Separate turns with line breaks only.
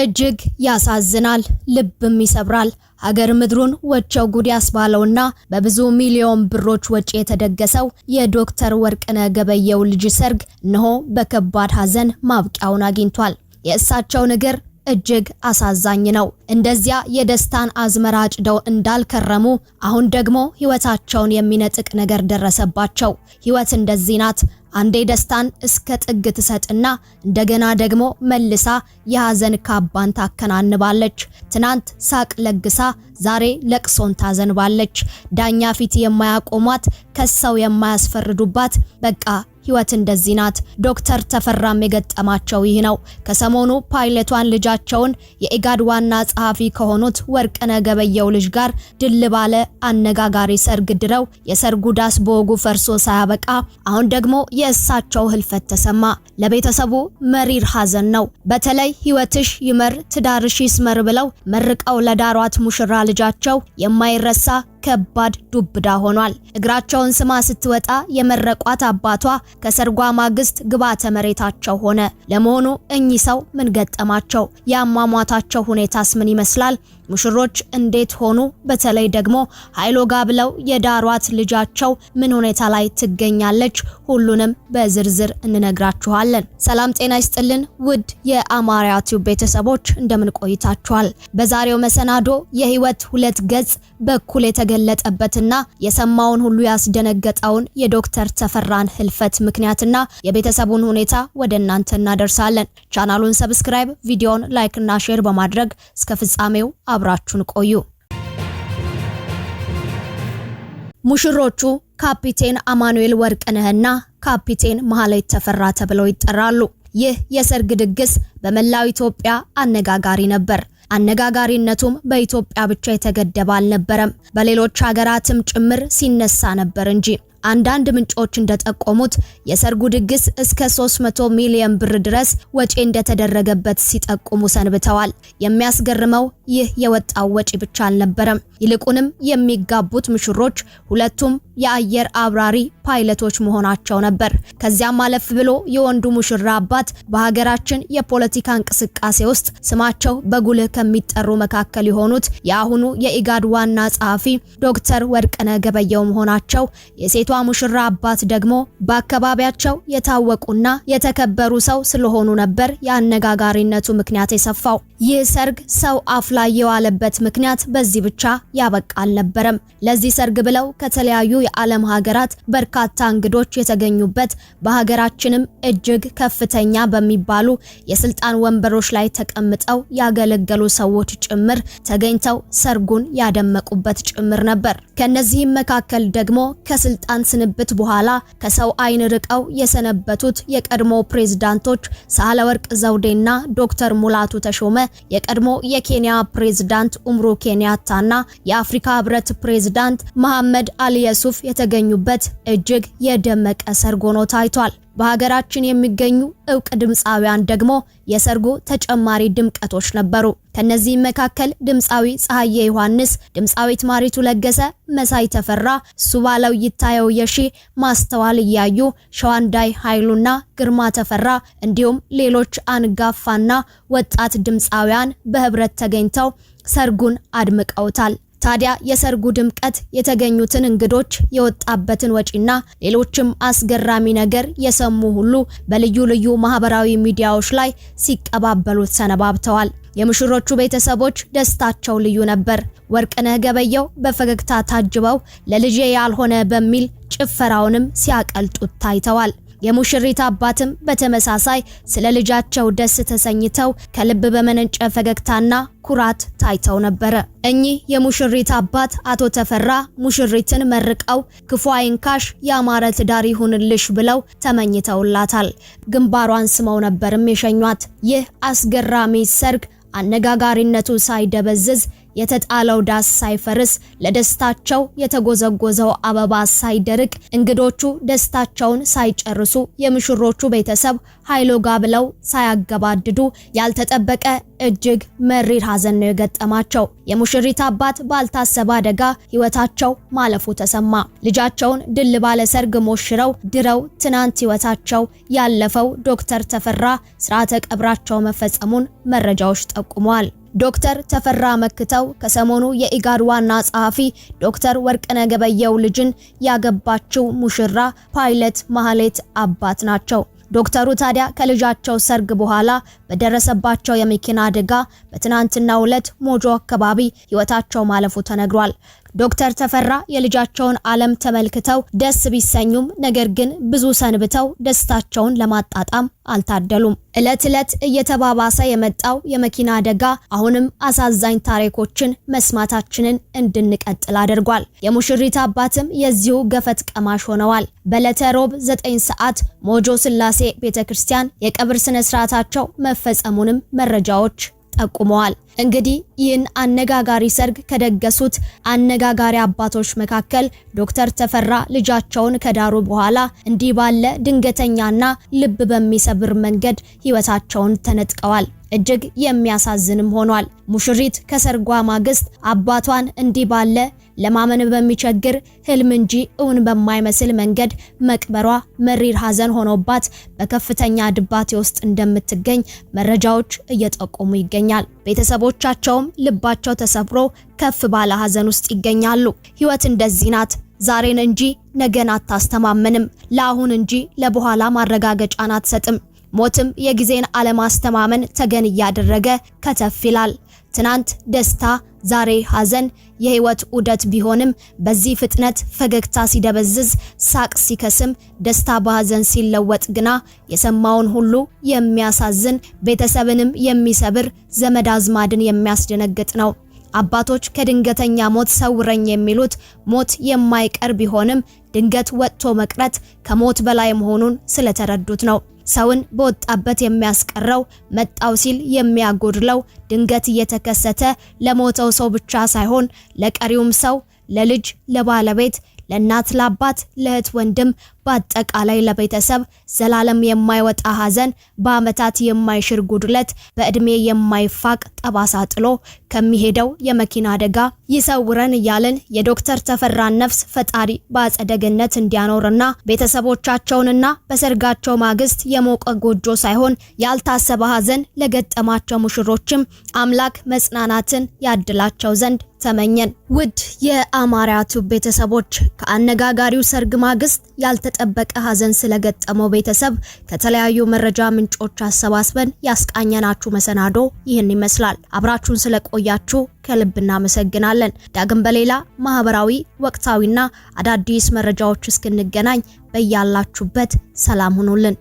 እጅግ ያሳዝናል፣ ልብም ይሰብራል። ሀገር ምድሩን ወቸው ጉድ ያስባለውና በብዙ ሚሊዮን ብሮች ወጪ የተደገሰው የዶክተር ወርቅነ ገበየው ልጅ ሰርግ እነሆ በከባድ ሀዘን ማብቂያውን አግኝቷል። የእሳቸው ነገር እጅግ አሳዛኝ ነው። እንደዚያ የደስታን አዝመራ አጭደው እንዳልከረሙ አሁን ደግሞ ሕይወታቸውን የሚነጥቅ ነገር ደረሰባቸው። ሕይወት እንደዚህ ናት። አንዴ ደስታን እስከ ጥግ ትሰጥና እንደገና ደግሞ መልሳ የሐዘን ካባን ታከናንባለች። ትናንት ሳቅ ለግሳ ዛሬ ለቅሶን ታዘንባለች። ዳኛ ፊት የማያቆሟት፣ ከሰው የማያስፈርዱባት፣ በቃ ህይወት እንደዚህ ናት። ዶክተር ተፈራም የገጠማቸው ይህ ነው። ከሰሞኑ ፓይለቷን ልጃቸውን የኢጋድ ዋና ጸሐፊ ከሆኑት ወርቅነ ገበየው ልጅ ጋር ድል ባለ አነጋጋሪ ሰርግ ድረው የሰርጉ ዳስ በወጉ ፈርሶ ሳያበቃ አሁን ደግሞ የእሳቸው ህልፈት ተሰማ። ለቤተሰቡ መሪር ሀዘን ነው። በተለይ ህይወትሽ ይመር ትዳርሽ ይስመር ብለው መርቀው ለዳሯት ሙሽራ ልጃቸው የማይረሳ ከባድ ዱብዳ ሆኗል። እግራቸውን ስማ ስትወጣ የመረቋት አባቷ ከሰርጓ ማግስት ግብዓተ መሬታቸው ሆነ። ለመሆኑ እኚህ ሰው ምን ገጠማቸው? የአሟሟታቸው ሁኔታስ ምን ይመስላል? ሙሽሮች እንዴት ሆኑ? በተለይ ደግሞ ኃይሎ ጋብለው የዳሯት ልጃቸው ምን ሁኔታ ላይ ትገኛለች? ሁሉንም በዝርዝር እንነግራችኋለን። ሰላም ጤና ይስጥልን ውድ የአማርያ ቲዩብ ቤተሰቦች እንደምን ቆይታችኋል? በዛሬው መሰናዶ የህይወት ሁለት ገጽ በኩል የተገ የተገለጠበትና የሰማውን ሁሉ ያስደነገጠውን የዶክተር ተፈራን ህልፈት ምክንያትና የቤተሰቡን ሁኔታ ወደ እናንተ እናደርሳለን። ቻናሉን ሰብስክራይብ፣ ቪዲዮን ላይክ እና ሼር በማድረግ እስከ ፍጻሜው አብራችሁን ቆዩ። ሙሽሮቹ ካፒቴን አማኑኤል ወርቅነህና ካፒቴን መሀሌት ተፈራ ተብለው ይጠራሉ። ይህ የሰርግ ድግስ በመላው ኢትዮጵያ አነጋጋሪ ነበር። አነጋጋሪነቱም በኢትዮጵያ ብቻ የተገደበ አልነበረም። በሌሎች ሀገራትም ጭምር ሲነሳ ነበር እንጂ አንዳንድ ምንጮች እንደጠቆሙት የሰርጉ ድግስ እስከ 300 ሚሊዮን ብር ድረስ ወጪ እንደተደረገበት ሲጠቁሙ ሰንብተዋል። የሚያስገርመው ይህ የወጣው ወጪ ብቻ አልነበረም። ይልቁንም የሚጋቡት ሙሽሮች ሁለቱም የአየር አብራሪ ፓይለቶች መሆናቸው ነበር። ከዚያም አለፍ ብሎ የወንዱ ሙሽራ አባት በሀገራችን የፖለቲካ እንቅስቃሴ ውስጥ ስማቸው በጉልህ ከሚጠሩ መካከል የሆኑት የአሁኑ የኢጋድ ዋና ጸሐፊ ዶክተር ወርቅነህ ገበየው መሆናቸው የሴቶ ሙሽራ አባት ደግሞ በአካባቢያቸው የታወቁና የተከበሩ ሰው ስለሆኑ ነበር የአነጋጋሪነቱ ምክንያት የሰፋው። ይህ ሰርግ ሰው አፍ ላይ የዋለበት ምክንያት በዚህ ብቻ ያበቃ አልነበረም። ለዚህ ሰርግ ብለው ከተለያዩ የዓለም ሀገራት በርካታ እንግዶች የተገኙበት በሀገራችንም እጅግ ከፍተኛ በሚባሉ የስልጣን ወንበሮች ላይ ተቀምጠው ያገለገሉ ሰዎች ጭምር ተገኝተው ሰርጉን ያደመቁበት ጭምር ነበር። ከነዚህም መካከል ደግሞ ከስልጣን ከስልጣን ስንብት በኋላ ከሰው አይን ርቀው የሰነበቱት የቀድሞ ፕሬዝዳንቶች ሳህለወርቅ ዘውዴና ዶክተር ሙላቱ ተሾመ የቀድሞ የኬንያ ፕሬዝዳንት ኡምሩ ኬንያታና የአፍሪካ ህብረት ፕሬዝዳንት መሐመድ አሊ የሱፍ የተገኙበት እጅግ የደመቀ ሰርግ ሆኖ ታይቷል። በሀገራችን የሚገኙ እውቅ ድምፃውያን ደግሞ የሰርጉ ተጨማሪ ድምቀቶች ነበሩ። ከነዚህም መካከል ድምፃዊ ፀሐዬ ዮሐንስ፣ ድምፃዊት ማሪቱ ለገሰ፣ መሳይ ተፈራ፣ ሱባለው ይታየው፣ የሺ ማስተዋል እያዩ፣ ሸዋንዳይ ኃይሉና ግርማ ተፈራ እንዲሁም ሌሎች አንጋፋና ወጣት ድምፃውያን በህብረት ተገኝተው ሰርጉን አድምቀውታል። ታዲያ የሰርጉ ድምቀት የተገኙትን እንግዶች የወጣበትን ወጪና ሌሎችም አስገራሚ ነገር የሰሙ ሁሉ በልዩ ልዩ ማህበራዊ ሚዲያዎች ላይ ሲቀባበሉት ሰነባብተዋል። የሙሽሮቹ ቤተሰቦች ደስታቸው ልዩ ነበር። ወርቅነህ ገበየው በፈገግታ ታጅበው ለልጄ ያልሆነ በሚል ጭፈራውንም ሲያቀልጡት ታይተዋል። የሙሽሪት አባትም በተመሳሳይ ስለ ልጃቸው ደስ ተሰኝተው ከልብ በመነጨ ፈገግታና ኩራት ታይተው ነበረ። እኚህ የሙሽሪት አባት አቶ ተፈራ ሙሽሪትን መርቀው ክፉ አይንካሽ ያማረ ትዳር ይሁንልሽ ብለው ተመኝተውላታል። ግንባሯን ስመው ነበርም የሸኟት። ይህ አስገራሚ ሰርግ አነጋጋሪነቱ ሳይደበዝዝ የተጣለው ዳስ ሳይፈርስ ለደስታቸው የተጎዘጎዘው አበባ ሳይደርቅ እንግዶቹ ደስታቸውን ሳይጨርሱ የምሽሮቹ ቤተሰብ ኃይሎ ጋ ብለው ሳያገባድዱ ያልተጠበቀ እጅግ መሪር ሐዘን ነው የገጠማቸው። የሙሽሪት አባት ባልታሰበ አደጋ ሕይወታቸው ማለፉ ተሰማ። ልጃቸውን ድል ባለ ሰርግ ሞሽረው ድረው ትናንት ሕይወታቸው ያለፈው ዶክተር ተፈራ ስርዓተ ቀብራቸው መፈጸሙን መረጃዎች ጠቁመዋል። ዶክተር ተፈራ መክተው ከሰሞኑ የኢጋድ ዋና ጸሐፊ ዶክተር ወርቅነህ ገበየሁ ልጅን ያገባችው ሙሽራ ፓይለት ማህሌት አባት ናቸው። ዶክተሩ ታዲያ ከልጃቸው ሰርግ በኋላ በደረሰባቸው የመኪና አደጋ በትናንትናው ዕለት ሞጆ አካባቢ ሕይወታቸው ማለፉ ተነግሯል። ዶክተር ተፈራ የልጃቸውን ዓለም ተመልክተው ደስ ቢሰኙም ነገር ግን ብዙ ሰንብተው ደስታቸውን ለማጣጣም አልታደሉም። ዕለት ዕለት እየተባባሰ የመጣው የመኪና አደጋ አሁንም አሳዛኝ ታሪኮችን መስማታችንን እንድንቀጥል አድርጓል። የሙሽሪት አባትም የዚሁ ገፈት ቀማሽ ሆነዋል። በዕለተ ሮብ 9 ሰዓት ሞጆ ስላሴ ቤተክርስቲያን የቀብር ስነ ስርዓታቸው መፈጸሙንም መረጃዎች ጠቁመዋል። እንግዲህ ይህን አነጋጋሪ ሰርግ ከደገሱት አነጋጋሪ አባቶች መካከል ዶክተር ተፈራ ልጃቸውን ከዳሩ በኋላ እንዲህ ባለ ድንገተኛና ልብ በሚሰብር መንገድ ህይወታቸውን ተነጥቀዋል። እጅግ የሚያሳዝንም ሆኗል። ሙሽሪት ከሰርጓ ማግስት አባቷን እንዲህ ባለ ለማመን በሚቸግር ህልም እንጂ እውን በማይመስል መንገድ መቅበሯ መሪር ሐዘን ሆኖባት በከፍተኛ ድባቴ ውስጥ እንደምትገኝ መረጃዎች እየጠቆሙ ይገኛል። ቤተሰቦቻቸውም ልባቸው ተሰብሮ ከፍ ባለ ሐዘን ውስጥ ይገኛሉ። ህይወት እንደዚህ ናት። ዛሬን እንጂ ነገን አታስተማመንም። ለአሁን እንጂ ለበኋላ ማረጋገጫን አትሰጥም። ሞትም የጊዜን አለማስተማመን ተገን እያደረገ ከተፍ ይላል። ትናንት ደስታ፣ ዛሬ ሐዘን የህይወት ዑደት ቢሆንም በዚህ ፍጥነት ፈገግታ ሲደበዝዝ፣ ሳቅ ሲከስም፣ ደስታ በሐዘን ሲለወጥ ግና የሰማውን ሁሉ የሚያሳዝን ቤተሰብንም የሚሰብር ዘመድ አዝማድን የሚያስደነግጥ ነው። አባቶች ከድንገተኛ ሞት ሰውረኝ የሚሉት ሞት የማይቀር ቢሆንም ድንገት ወጥቶ መቅረት ከሞት በላይ መሆኑን ስለተረዱት ነው። ሰውን በወጣበት የሚያስቀረው መጣው ሲል የሚያጎድለው ድንገት እየተከሰተ ለሞተው ሰው ብቻ ሳይሆን ለቀሪውም ሰው ለልጅ፣ ለባለቤት፣ ለእናት፣ ለአባት፣ ለእህት፣ ወንድም በአጠቃላይ ለቤተሰብ ዘላለም የማይወጣ ሐዘን፣ በዓመታት የማይሽር ጉድለት፣ በእድሜ የማይፋቅ ጠባሳ ጥሎ ከሚሄደው የመኪና አደጋ ይሰውረን እያልን የዶክተር ተፈራን ነፍስ ፈጣሪ በአጸደ ገነት እንዲያኖርና ቤተሰቦቻቸውንና በሰርጋቸው ማግስት የሞቀ ጎጆ ሳይሆን ያልታሰበ ሐዘን ለገጠማቸው ሙሽሮችም አምላክ መጽናናትን ያድላቸው ዘንድ ተመኘን። ውድ የአማርያ ቲዩብ ቤተሰቦች ከአነጋጋሪው ሰርግ ማግስት ያልተ ያልተጠበቀ ሀዘን ስለገጠመው ቤተሰብ ከተለያዩ መረጃ ምንጮች አሰባስበን ያስቃኘናችሁ መሰናዶ ይህን ይመስላል። አብራችሁን ስለቆያችሁ ከልብ እናመሰግናለን። ዳግም በሌላ ማህበራዊ ወቅታዊና አዳዲስ መረጃዎች እስክንገናኝ በያላችሁበት ሰላም ሁኑልን።